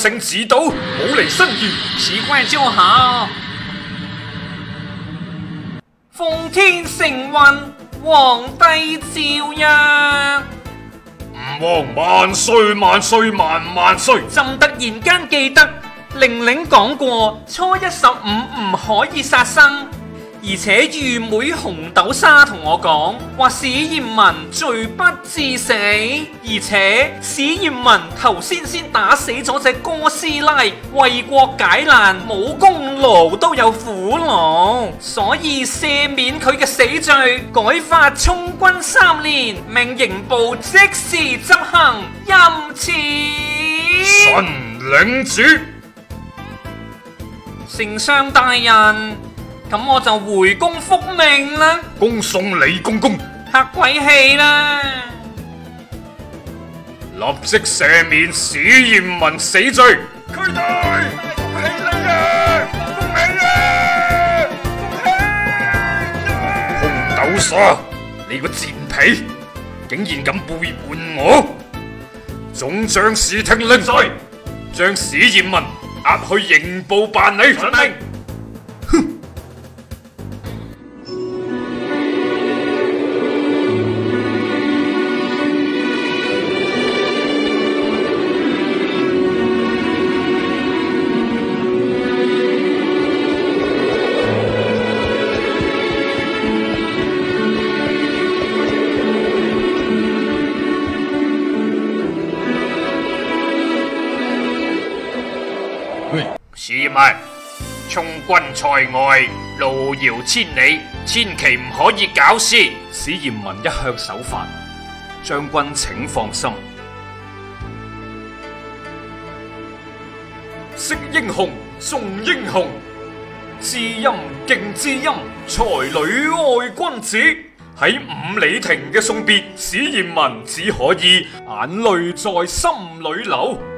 聖旨到，武力新元，此關招下。奉天承運，皇帝詔曰：吾皇萬歲萬歲萬萬歲！朕突然間記得玲玲講過，初一十五唔可以殺生。而且御妹紅豆沙同我講，話史艷文罪不至死，而且史艷文頭先先打死咗隻哥斯拉，為國解難，冇功勞都有苦勞，所以赦免佢嘅死罪，改發充軍三年，命刑部即時執行，欽此。臣領旨丞相大人。咁我就回宮復命啦！恭送李公公，吓鬼氣啦！立即赦免史艷文死罪。佢哋，我復氣你啊！復命啊！復命！紅豆沙，你個賤婢，竟然敢背叛我！眾將士聽令，在將史艷文押去刑部辦理。遵命。史艷文，從軍在外，路遙千里，千祈唔可以搞事。史艷文一向守法，將軍請放心。識英雄，重英雄，知音敬知音，才女愛君子。喺五里亭嘅送別，史艷文只可以眼淚在心裏流。